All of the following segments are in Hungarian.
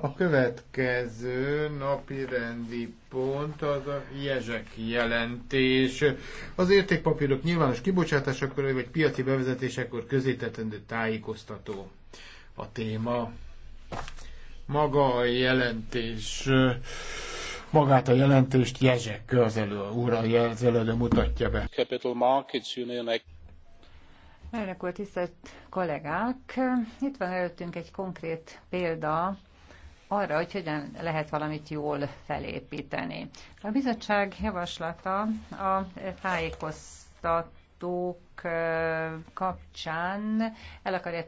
A következő napi rendi pont az a jezsek jelentés. Az értékpapírok nyilvános kibocsátásakor vagy piaci bevezetésekor közétetendő tájékoztató a téma. Maga a jelentés, magát a jelentést Jezsek közelő, elő, úr az előadó mutatja be. Capital Markets Union Elnök úr, tisztelt kollégák! Itt van előttünk egy konkrét példa arra, hogy hogyan lehet valamit jól felépíteni. A bizottság javaslata a tájékoztató kapcsán el akarja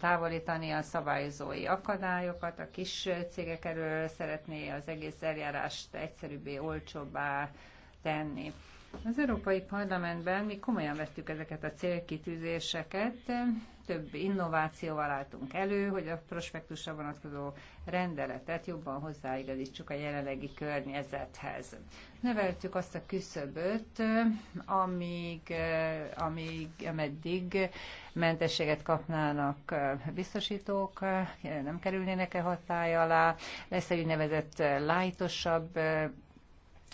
távolítani a szabályozói akadályokat, a kis cégek erről szeretné az egész eljárást egyszerűbbé, olcsóbbá tenni. Az Európai Parlamentben mi komolyan vettük ezeket a célkitűzéseket, több innovációval álltunk elő, hogy a prospektusra vonatkozó rendeletet jobban hozzáigazítsuk a jelenlegi környezethez. Növeltük azt a küszöböt, amíg, amíg, ameddig mentességet kapnának biztosítók, nem kerülnének-e hatály alá, lesz egy nevezett lájtosabb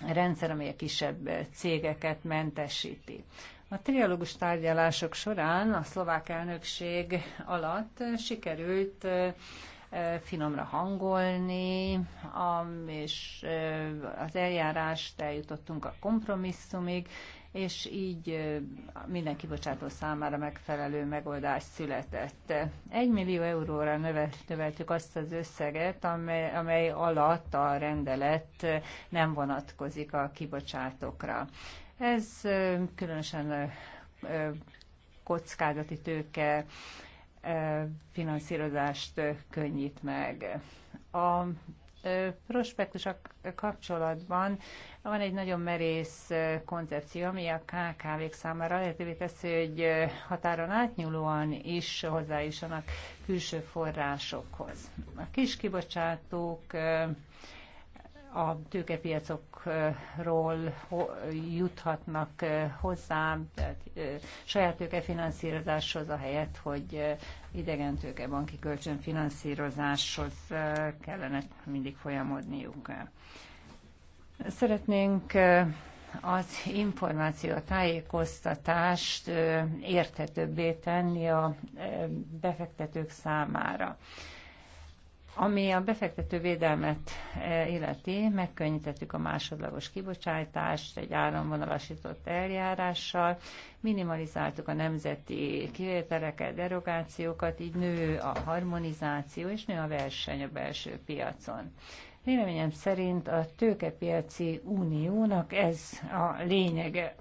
rendszer, amely a kisebb cégeket mentesíti. A trialógus tárgyalások során a szlovák elnökség alatt sikerült finomra hangolni, és az eljárást eljutottunk a kompromisszumig, és így minden kibocsátó számára megfelelő megoldás született. Egy millió euróra növeltük azt az összeget, amely, amely alatt a rendelet nem vonatkozik a kibocsátókra. Ez különösen kockázati tőke finanszírozást könnyít meg. A prospektusok kapcsolatban van egy nagyon merész koncepció, ami a kkv számára lehetővé teszi, hogy határon átnyúlóan is hozzájussanak külső forrásokhoz. A kis kibocsátók a tőkepiacokról juthatnak hozzám, tehát saját tőkefinanszírozáshoz, ahelyett, hogy idegen tőkebanki kölcsönfinanszírozáshoz kellene mindig folyamodniuk. Szeretnénk az információ, a tájékoztatást érthetőbbé tenni a befektetők számára. Ami a befektető védelmet e, illeti, megkönnyítettük a másodlagos kibocsátást egy áramvonalasított eljárással, minimalizáltuk a nemzeti kivételeket, derogációkat, így nő a harmonizáció és nő a verseny a belső piacon. Véleményem szerint a tőkepiaci uniónak ez a lényege.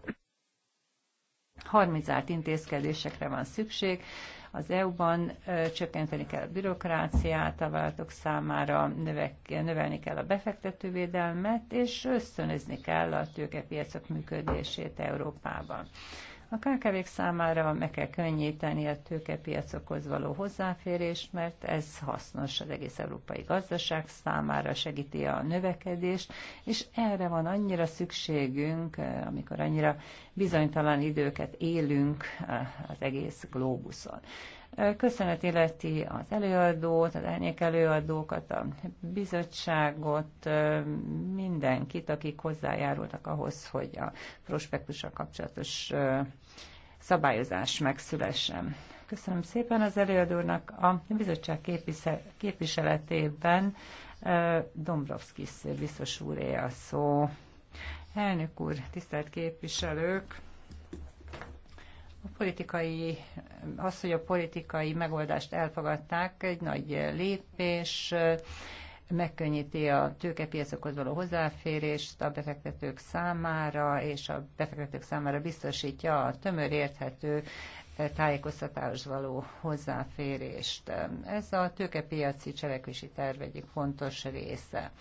Harmonizált intézkedésekre van szükség, az EU-ban csökkenteni kell a bürokráciát a vállalatok számára, növelni kell a befektetővédelmet, és ösztönözni kell a tőkepiacok működését Európában. A kkv számára meg kell könnyíteni a tőkepiacokhoz való hozzáférést, mert ez hasznos az egész európai gazdaság számára, segíti a növekedést, és erre van annyira szükségünk, amikor annyira bizonytalan időket élünk eh, az egész glóbuszon. Köszönet illeti az előadót, az elnyék előadókat, a bizottságot, mindenkit, akik hozzájárultak ahhoz, hogy a prospektussal kapcsolatos szabályozás megszülessen. Köszönöm szépen az előadónak. A bizottság képviseletében Dombrovskis biztos úré a szó. Elnök úr, tisztelt képviselők! politikai, az, hogy a politikai megoldást elfogadták, egy nagy lépés, megkönnyíti a tőkepiacokhoz való hozzáférést a befektetők számára, és a befektetők számára biztosítja a tömör érthető e, tájékoztatáshoz való hozzáférést. Ez a tőkepiaci cselekvési terv egyik fontos része.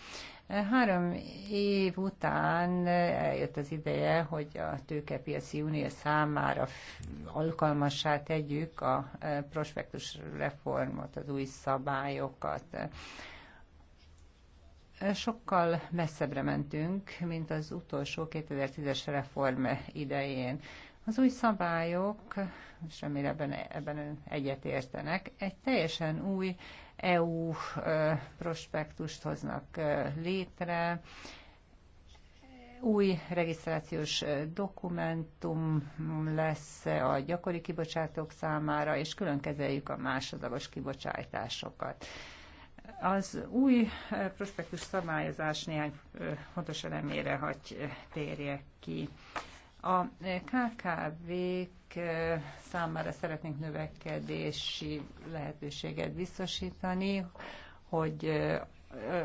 Három év után eljött az ideje, hogy a tőkepiaci unió számára alkalmassá tegyük a e, prospektus reformot, az új szabályokat. E, sokkal messzebbre mentünk, mint az utolsó 2010-es reform idején. Az új szabályok, és remélem ebben, ebben ön egyetértenek, egy teljesen új EU prospektust hoznak létre, új regisztrációs dokumentum lesz a gyakori kibocsátók számára, és külön kezeljük a másodlagos kibocsátásokat. Az új prospektus szabályozás néhány fontos elemére hagy térjek ki. A KKV-k számára szeretnénk növekedési lehetőséget biztosítani, hogy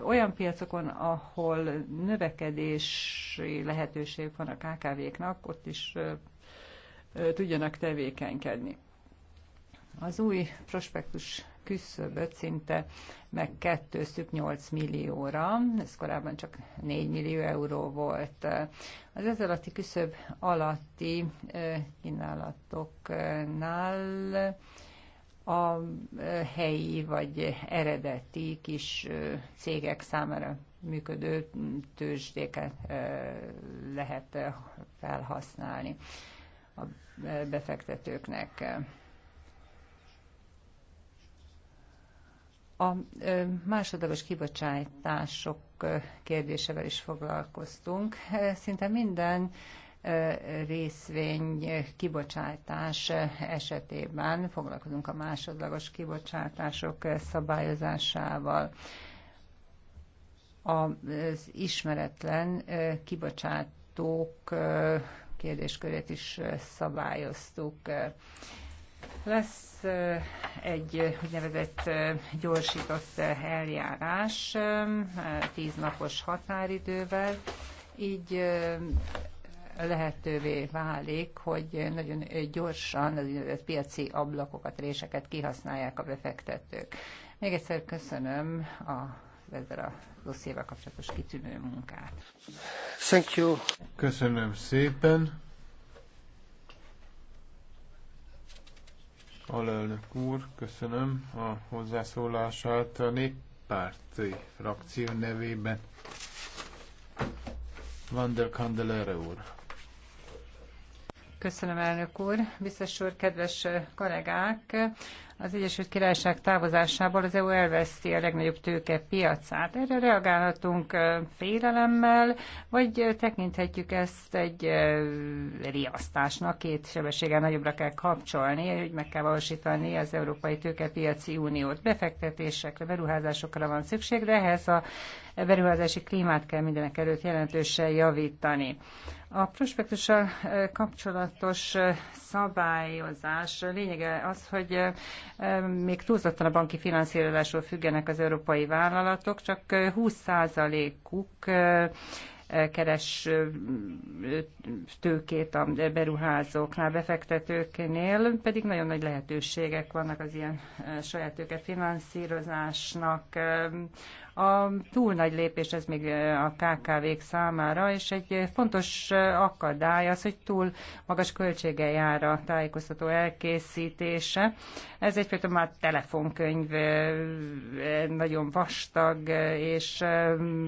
olyan piacokon, ahol növekedési lehetőség van a KKV-knak, ott is tudjanak tevékenykedni. Az új prospektus küszöböt szinte meg megkettőztük 8 millióra, ez korábban csak 4 millió euró volt. Az ez alatti küszöb alatti kínálatoknál a helyi vagy eredeti kis cégek számára működő tőzsdéket lehet felhasználni a befektetőknek. A másodlagos kibocsátások kérdésevel is foglalkoztunk. Szinte minden részvény kibocsátás esetében foglalkozunk a másodlagos kibocsátások szabályozásával. Az ismeretlen kibocsátók kérdéskörét is szabályoztuk. Lesz egy úgynevezett gyorsított eljárás tíznapos határidővel, így lehetővé válik, hogy nagyon gyorsan az úgynevezett piaci ablakokat, réseket kihasználják a befektetők. Még egyszer köszönöm a ezzel a dossziéval kapcsolatos kitűnő munkát. Thank you. Köszönöm szépen. Alelnök úr, köszönöm a hozzászólását a néppárti frakció nevében. Van der Kandelere úr. Köszönöm, elnök úr. Biztos úr, kedves kollégák! Az Egyesült Királyság távozásából az EU elveszti a legnagyobb tőke piacát. Erre reagálhatunk félelemmel, vagy tekinthetjük ezt egy riasztásnak, két sebességgel nagyobbra kell kapcsolni, hogy meg kell valósítani az Európai Tőkepiaci Uniót. Befektetésekre, beruházásokra van szükség, de ehhez a beruházási klímát kell mindenek előtt jelentősen javítani. A prospektussal kapcsolatos szabályozás lényege az, hogy még túlzottan a banki finanszírozásról függenek az európai vállalatok, csak 20%-uk keres tőkét a beruházóknál, befektetőknél, pedig nagyon nagy lehetőségek vannak az ilyen eh, saját tőke finanszírozásnak. A túl nagy lépés ez még eh, a KKV-k számára, és egy fontos eh, akadály az, hogy túl magas költsége jár a tájékoztató elkészítése. Ez egyfajta már telefonkönyv, nagyon vastag, és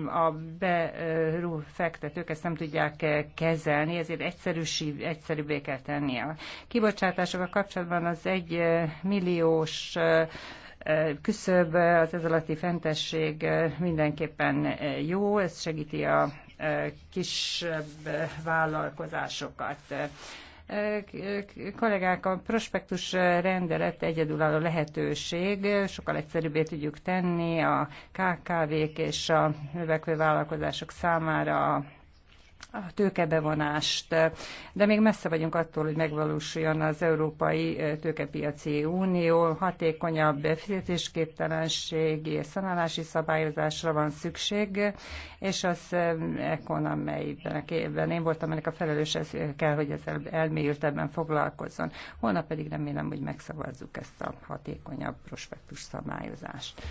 a beruházás befektetők ezt nem tudják eh, kezelni, ezért egyszerűbbé kell tenni. A kibocsátásokkal kapcsolatban az egy eh, milliós eh, küszöb, az ez alatti fentesség mindenképpen jó, ez segíti a kisebb vállalkozásokat. Kollégák, a prospektus rendelet egyedülálló lehetőség, sokkal egyszerűbbé tudjuk tenni a KKV-k és a növekvő vállalkozások számára a tőkebevonást, de még messze vagyunk attól, hogy megvalósuljon az Európai Tőkepiaci Unió. Hatékonyabb fizetésképtelenség és szanálási szabályozásra van szükség, és az Econ, amelyben én voltam ennek a felelős, ez kell, hogy ezzel elmélyültebben foglalkozzon. Holnap pedig remélem, hogy megszavazzuk ezt a hatékonyabb prospektus szabályozást.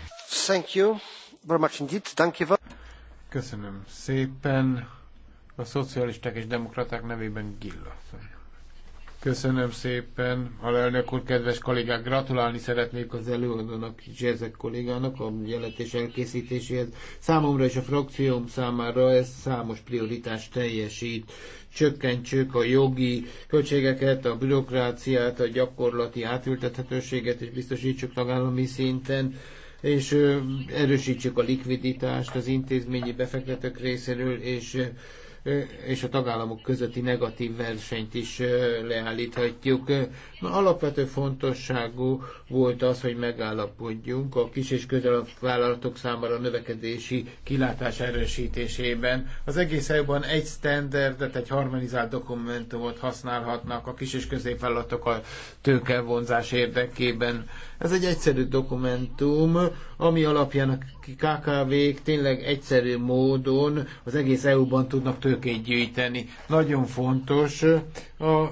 Thank you very much indeed. Thank you. Köszönöm szépen. A szocialisták és demokraták nevében Gilla. Köszönöm szépen, alelnök úr, kedves kollégák, gratulálni szeretnék az előadónak, ezek kollégának a jelentés elkészítéséhez. Számomra és a frakcióm számára ez számos prioritást teljesít. Csökkentsük a jogi költségeket, a bürokráciát, a gyakorlati átültethetőséget, és biztosítsuk tagállami szinten és erősítsük a likviditást az intézményi befektetők részéről, és és a tagállamok közötti negatív versenyt is leállíthatjuk. Alapvető fontosságú volt az, hogy megállapodjunk a kis és vállalatok számára a növekedési kilátás erősítésében. Az egész EU-ban egy standardet, egy harmonizált dokumentumot használhatnak a kis és középvállalatok a tőkevonzás érdekében. Ez egy egyszerű dokumentum, ami alapján a KKV-k tényleg egyszerű módon az egész EU-ban tudnak tőkét gyűjteni. Nagyon fontos a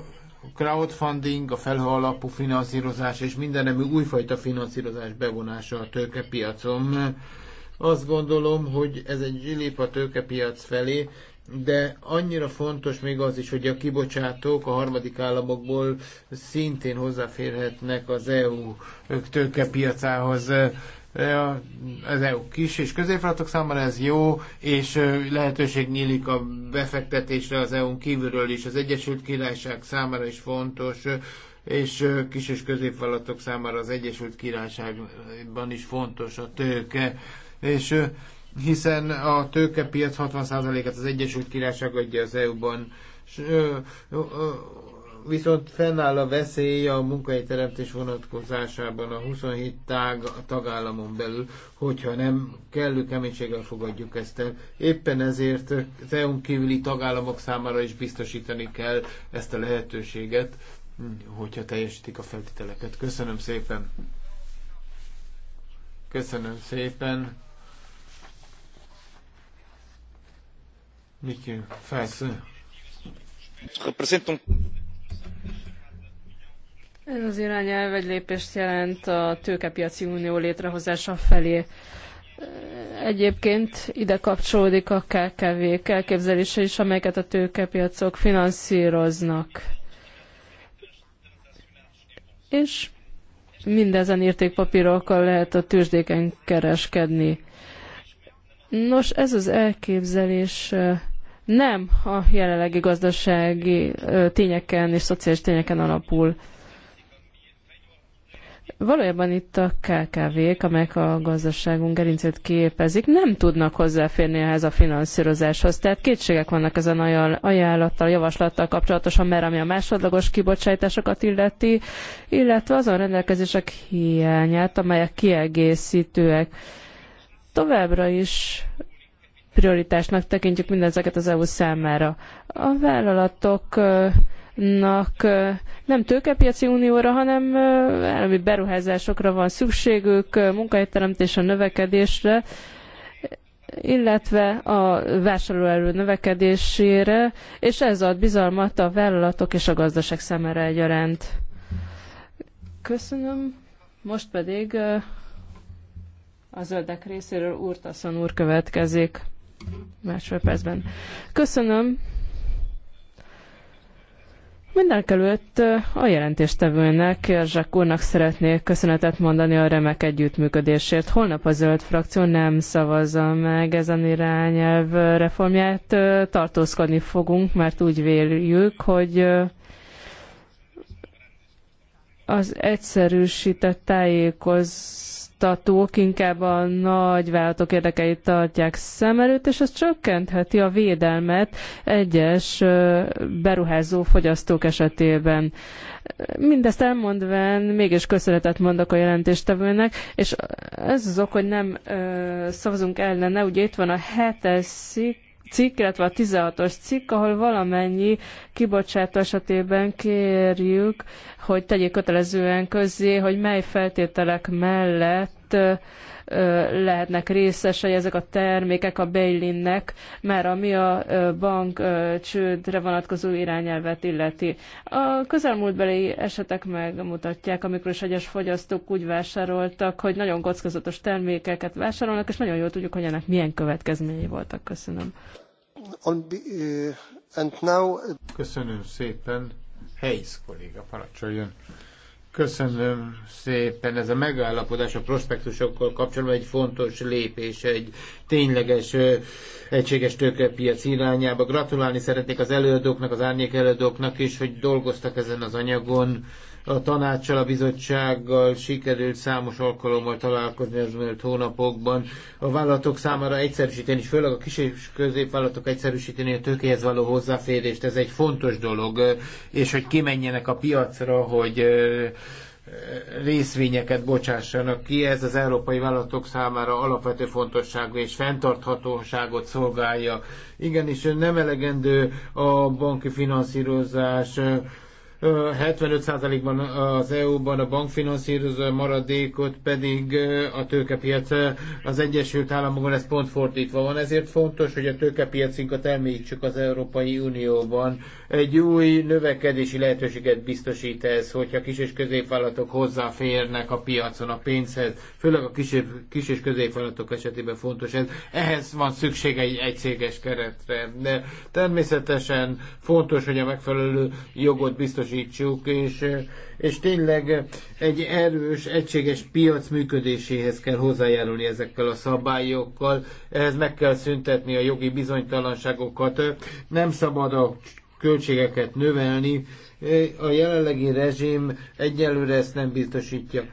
crowdfunding, a felhőalapú finanszírozás és mindenemű újfajta finanszírozás bevonása a tőkepiacon. Azt gondolom, hogy ez egy zsilip a tőkepiac felé, de annyira fontos még az is, hogy a kibocsátók a harmadik államokból szintén hozzáférhetnek az EU tőkepiacához. E, az EU kis és középfeladatok számára ez jó, és lehetőség nyílik a befektetésre az EU-n kívülről is. Az Egyesült Királyság számára is fontos, és kis és középfeladatok számára az Egyesült Királyságban is fontos a tőke. És hiszen a tőkepiac 60%-át az Egyesült Királyság adja az EU-ban viszont fennáll a veszély a munkahelyteremtés vonatkozásában a 27 tág, a tagállamon belül, hogyha nem kellő keménységgel fogadjuk ezt el. Éppen ezért az EU-n kívüli tagállamok számára is biztosítani kell ezt a lehetőséget, hogyha teljesítik a feltételeket. Köszönöm szépen! Köszönöm szépen! Miki, felszön! representam ez az irányelv egy lépést jelent a tőkepiaci unió létrehozása felé. Egyébként ide kapcsolódik a kkv elképzelése is, amelyeket a tőkepiacok finanszíroznak. És mindezen értékpapírokkal lehet a tőzsdéken kereskedni. Nos, ez az elképzelés nem a jelenlegi gazdasági tényeken és szociális tényeken alapul. Valójában itt a KKV-k, amelyek a gazdaságunk gerincét képezik, nem tudnak hozzáférni ehhez a finanszírozáshoz. Tehát kétségek vannak ezen ajánlattal, javaslattal kapcsolatosan, mert ami a másodlagos kibocsátásokat illeti, illetve azon rendelkezések hiányát, amelyek kiegészítőek. Továbbra is prioritásnak tekintjük mindezeket az EU számára. A vállalatok nak nem tőkepiaci unióra, hanem állami beruházásokra van szükségük, munkahelyteremtés a növekedésre, illetve a vásárlóerő növekedésére, és ez ad bizalmat a vállalatok és a gazdaság szemére egyaránt. Köszönöm. Most pedig a zöldek részéről Úrtaszon úr következik másfél percben. Köszönöm. Mindenkelőtt a jelentéstevőnek, Erzsák úrnak szeretnék köszönetet mondani a remek együttműködésért. Holnap a zöld frakció nem szavazza meg ezen irányelv reformját. Tartózkodni fogunk, mert úgy véljük, hogy az egyszerűsített tájékoz szolgáltatók inkább a nagy vállalatok érdekeit tartják szem előtt, és ez csökkentheti a védelmet egyes beruházó fogyasztók esetében. Mindezt elmondván mégis köszönetet mondok a jelentéstevőnek, és ez az ok, hogy nem szavazunk ellene, ugye itt van a hetes szik, cikk, illetve a 16-os cikk, ahol valamennyi kibocsátó esetében kérjük, hogy tegyék kötelezően közzé, hogy mely feltételek mellett azért lehetnek részesei ezek a termékek a Beilinnek, mert ami a bank csődre vonatkozó irányelvet illeti. A közelmúltbeli esetek megmutatják, amikor is egyes fogyasztók úgy vásároltak, hogy nagyon kockázatos termékeket vásárolnak, és nagyon jól tudjuk, hogy ennek milyen következményei voltak. Köszönöm. Uh, Köszönöm szépen. Helyisz kolléga, parancsoljon. Köszönöm szépen. Ez a megállapodás a prospektusokkal kapcsolatban egy fontos lépés, egy tényleges egységes tőkepiac irányába. Gratulálni szeretnék az előadóknak, az árnyék előadóknak is, hogy dolgoztak ezen az anyagon. A tanácssal, a bizottsággal sikerült számos alkalommal találkozni az múlt hónapokban. A vállalatok számára egyszerűsíteni, és főleg a kis és középvállalatok egyszerűsíteni a tőkéhez való hozzáférést, ez egy fontos dolog, és hogy kimenjenek a piacra, hogy részvényeket bocsássanak ki. Ez az európai vállalatok számára alapvető fontosságú és fenntarthatóságot szolgálja. Igenis, nem elegendő a banki finanszírozás. 75%-ban az EU-ban a bankfinanszírozó maradékot pedig a tőkepiac az Egyesült Államokban ez pont fordítva van. Ezért fontos, hogy a tőkepiacinkat elmélyítsük az Európai Unióban. Egy új növekedési lehetőséget biztosít ez, hogyha kis és középvállalatok hozzáférnek a piacon a pénzhez, főleg a kis, kis és középvállalatok esetében fontos ez. Ehhez van szükség egy egységes keretre. De természetesen fontos, hogy a megfelelő jogot biztosítsuk, és, és tényleg egy erős, egységes piac működéséhez kell hozzájárulni ezekkel a szabályokkal. Ehhez meg kell szüntetni a jogi bizonytalanságokat. Nem szabad a költségeket növelni. A jelenlegi rezsim egyelőre ezt nem biztosítja.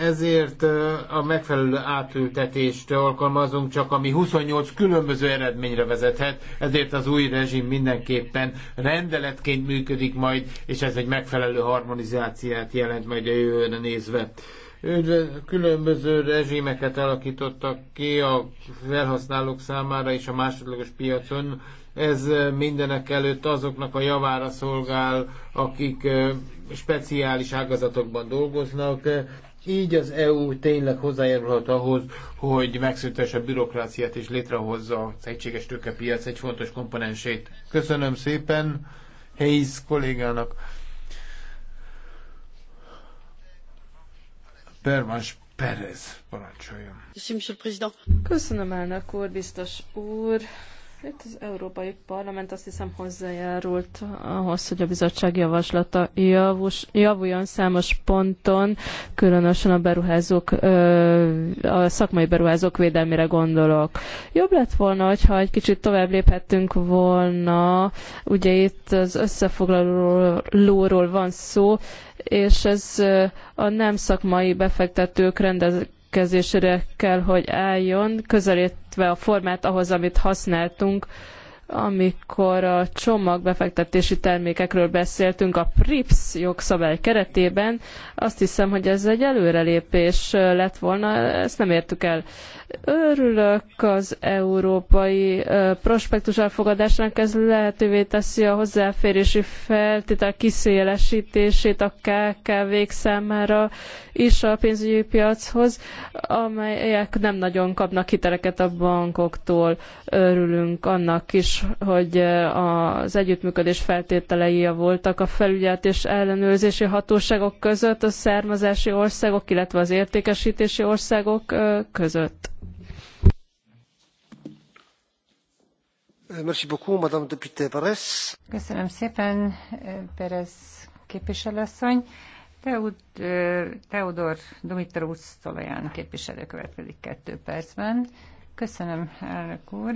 Ezért a megfelelő átültetést alkalmazunk, csak ami 28 különböző eredményre vezethet, ezért az új rezsim mindenképpen rendeletként működik majd, és ez egy megfelelő harmonizáciát jelent majd a jövőre nézve különböző rezsimeket alakítottak ki a felhasználók számára és a másodlagos piacon. Ez mindenek előtt azoknak a javára szolgál, akik speciális ágazatokban dolgoznak. Így az EU tényleg hozzájárulhat ahhoz, hogy megszüntesse a bürokráciát és létrehozza az egységes tőkepiac egy fontos komponensét. Köszönöm szépen Hayes kollégának. Pervans Perez parancsoljon. Köszönöm elnök úr, biztos úr. Itt az Európai Parlament azt hiszem hozzájárult ahhoz, hogy a bizottság javaslata javus, javuljon számos ponton, különösen a beruházók, a szakmai beruházók védelmére gondolok. Jobb lett volna, hogyha egy kicsit tovább léphettünk volna, ugye itt az összefoglalóról van szó, és ez a nem szakmai befektetők rendez rendelkezésre kell, hogy álljon, közelítve a formát ahhoz, amit használtunk, amikor a csomagbefektetési termékekről beszéltünk a PRIPS jogszabály keretében, azt hiszem, hogy ez egy előrelépés lett volna, ezt nem értük el. Örülök az európai prospektus elfogadásának, ez lehetővé teszi a hozzáférési feltétel kiszélesítését a KKV-k számára is a pénzügyi piachoz, amelyek nem nagyon kapnak hiteleket a bankoktól. Örülünk annak is, hogy az együttműködés feltételei javultak a felügyelet és ellenőrzési hatóságok között, a származási országok, illetve az értékesítési országok között. Euh, Köszönöm szépen, euh, Perez képviselőasszony. Euh, Teodor Dumitrusz Szolaján képviselő következik kettő percben. Köszönöm, elnök úr.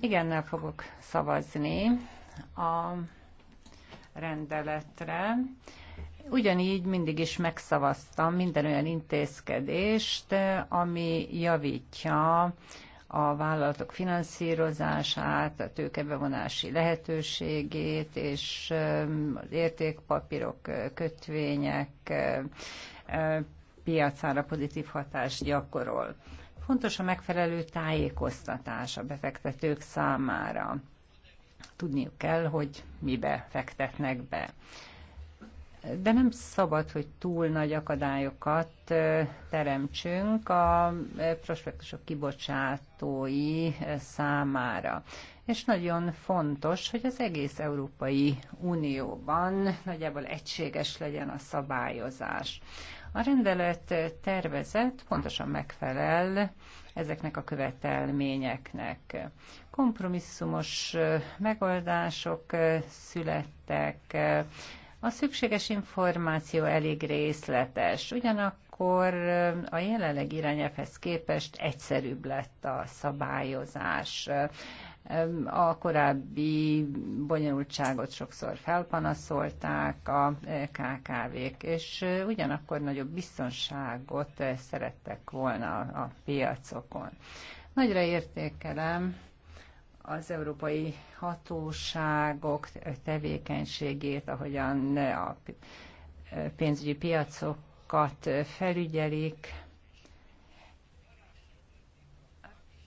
Igennel fogok szavazni a rendeletre. Ugyanígy mindig is megszavaztam minden olyan intézkedést, ami javítja a vállalatok finanszírozását, a tőkebevonási lehetőségét, és um, az értékpapírok, kötvények um, um, piacára pozitív hatást gyakorol. Fontos a megfelelő tájékoztatás a befektetők számára. Tudniuk kell, hogy mibe fektetnek be de nem szabad, hogy túl nagy akadályokat teremtsünk a prospektusok kibocsátói számára. És nagyon fontos, hogy az egész Európai Unióban nagyjából egységes legyen a szabályozás. A rendelet tervezet pontosan megfelel ezeknek a követelményeknek. Kompromisszumos megoldások születtek, a szükséges információ elég részletes, ugyanakkor a jelenleg irányelvhez képest egyszerűbb lett a szabályozás. A korábbi bonyolultságot sokszor felpanaszolták a KKV-k, és ugyanakkor nagyobb biztonságot szerettek volna a piacokon. Nagyra értékelem az európai hatóságok tevékenységét, ahogyan a pénzügyi piacokat felügyelik.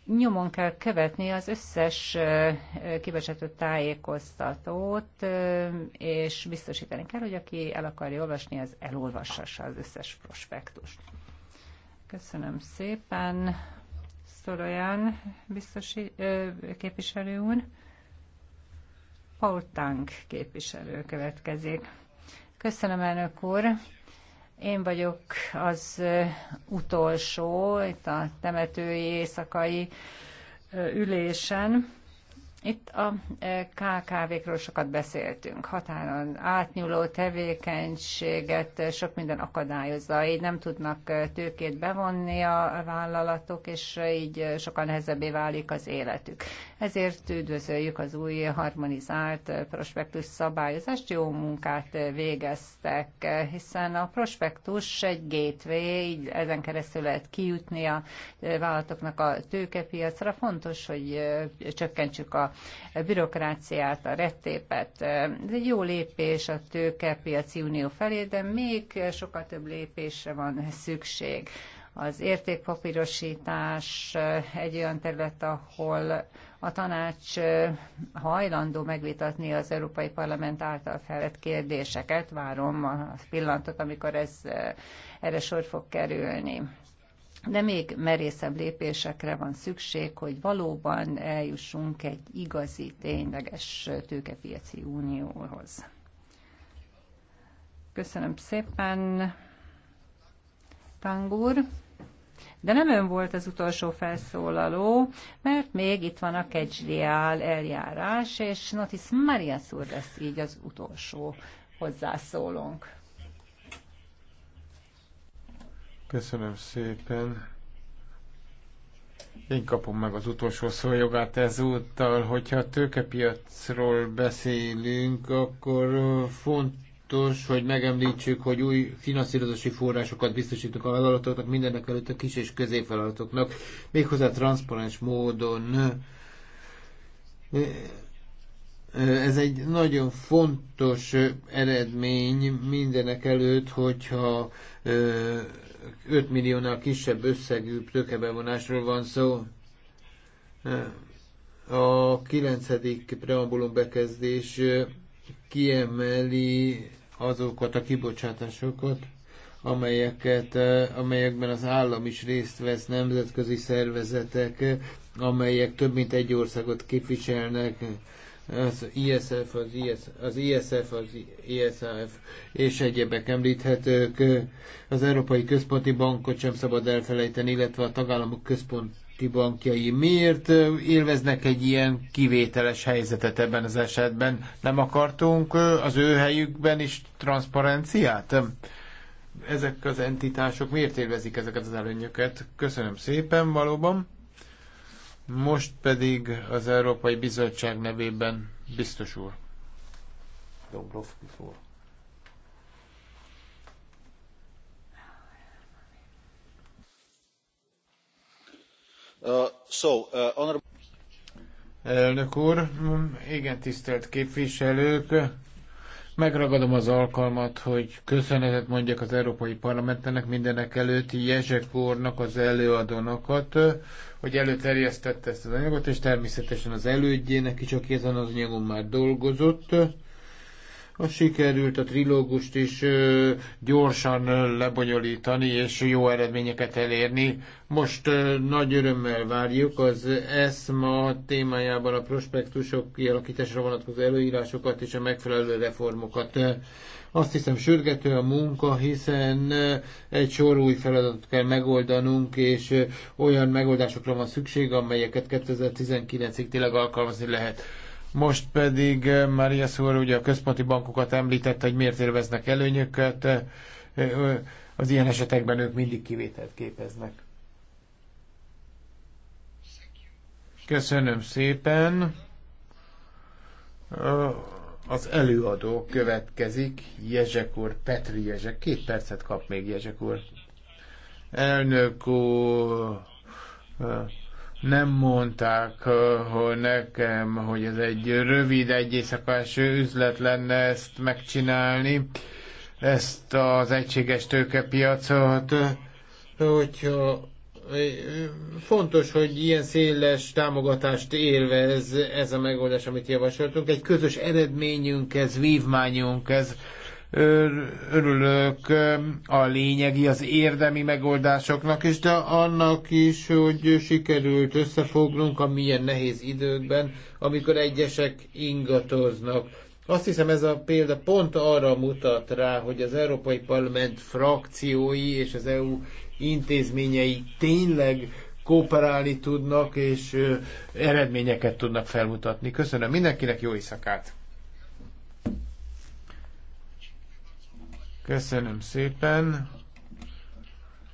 Nyomon kell követni az összes kibocsátott tájékoztatót, és biztosítani kell, hogy aki el akarja olvasni, az elolvassa az összes prospektust. Köszönöm szépen. Szorojan biztos képviselő úr. Paul Tank képviselő következik. Köszönöm, elnök úr. Én vagyok az utolsó itt a temetői éjszakai ülésen. Itt a e, kkv kről sokat beszéltünk, határon átnyúló tevékenységet sok minden akadályozza, így nem tudnak e, tőkét bevonni a vállalatok, és így sokkal nehezebbé válik az életük. Ezért üdvözöljük az új harmonizált prospektus szabályozást, jó munkát végeztek, hiszen a prospektus egy gateway, így ezen keresztül lehet kijutni a vállalatoknak a tőkepiacra. Fontos, hogy csökkentsük a bürokráciát, a rettépet. Ez egy jó lépés a tőkepiaci unió felé, de még sokkal több lépésre van szükség. Az értékpapírosítás egy olyan terület, ahol a tanács hajlandó megvitatni az Európai Parlament által felett kérdéseket. Várom a pillanatot, amikor ez erre sor fog kerülni. De még merészebb lépésekre van szükség, hogy valóban eljussunk egy igazi, tényleges tőkepiaci unióhoz. Köszönöm szépen, Tangúr. De nem ön volt az utolsó felszólaló, mert még itt van a kecsdiál eljárás, és Notis Maria úr lesz így az utolsó hozzászólónk. Köszönöm szépen. Én kapom meg az utolsó szójogát ezúttal, hogyha a tőkepiacról beszélünk, akkor font fontos, hogy megemlítsük, hogy új finanszírozási forrásokat biztosítunk a vállalatoknak, mindenek előtt a kis és középvállalatoknak, méghozzá transzparens módon. Ez egy nagyon fontos eredmény mindenek előtt, hogyha 5 milliónál kisebb összegű tőkebevonásról van szó. A 9. preambulum bekezdés kiemeli azokat a kibocsátásokat, amelyeket, eh, amelyekben az állam is részt vesz, nemzetközi szervezetek, amelyek több mint egy országot képviselnek, az ISF, az, IS, az ISF, az ISF és egyebek említhetők. Az Európai Központi Bankot sem szabad elfelejteni, illetve a tagállamok központ ti bankjai miért élveznek egy ilyen kivételes helyzetet ebben az esetben? Nem akartunk az ő helyükben is transzparenciát? Ezek az entitások miért élvezik ezeket az előnyöket? Köszönöm szépen valóban. Most pedig az Európai Bizottság nevében biztos úr. Dombrovskis úr. Uh, uh, Elnök úr, igen, tisztelt képviselők, megragadom az alkalmat, hogy köszönetet mondjak az Európai Parlamentnek mindenek előtt Jezsek úrnak, az előadónakat, hogy előterjesztette ezt az anyagot, és természetesen az elődjének is, aki ezen az anyagon már dolgozott. A sikerült a trilógust is gyorsan lebonyolítani és jó eredményeket elérni. Most nagy örömmel várjuk az ESMA témájában a prospektusok kialakításra vonatkozó előírásokat és a megfelelő reformokat. Azt hiszem sürgető a munka, hiszen egy sor új feladatot kell megoldanunk, és olyan megoldásokra van szükség, amelyeket 2019-ig tényleg alkalmazni lehet most pedig eh, Maria Szóra ugye a központi bankokat említette, hogy miért élveznek előnyöket. Eh, eh, az ilyen esetekben ők mindig kivételt képeznek. Köszönöm szépen. Az előadó következik, Jezsek úr, Petri Jezsek. Két percet kap még Jezsek úr. Elnök úr, nem mondták hogy nekem, hogy ez egy rövid, egy éjszakás üzlet lenne ezt megcsinálni, ezt az egységes tőkepiacot, hogyha fontos, hogy ilyen széles támogatást élvez ez a megoldás, amit javasoltunk. Egy közös eredményünk ez, vívmányunk ez, örülök a lényegi, az érdemi megoldásoknak is, de annak is, hogy sikerült összefognunk a milyen nehéz időkben, amikor egyesek ingatoznak. Azt hiszem ez a példa pont arra mutat rá, hogy az Európai Parlament frakciói és az EU intézményei tényleg kooperálni tudnak, és eredményeket tudnak felmutatni. Köszönöm mindenkinek, jó éjszakát! Köszönöm szépen.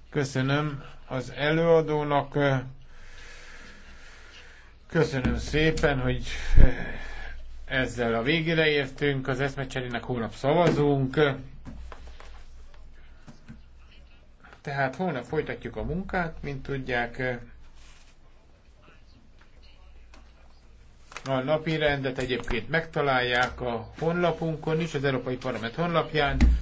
Köszönöm az előadónak. Köszönöm szépen, hogy ezzel a végére értünk. Az eszmecserének holnap szavazunk. Tehát holnap folytatjuk a munkát, mint tudják. A napi rendet egyébként megtalálják a honlapunkon is, az Európai Parlament honlapján.